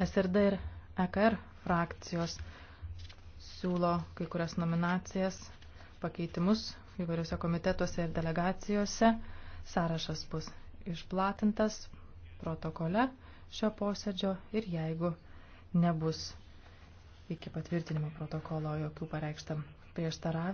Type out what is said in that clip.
SRD ir EKR frakcijos siūlo kai kurias nominacijas, pakeitimus įvairiuose komitetuose ir delegacijose. Sąrašas bus išplatintas protokole šio posėdžio ir jeigu nebus iki patvirtinimo protokolo jokių pareikštam prieštaravimų,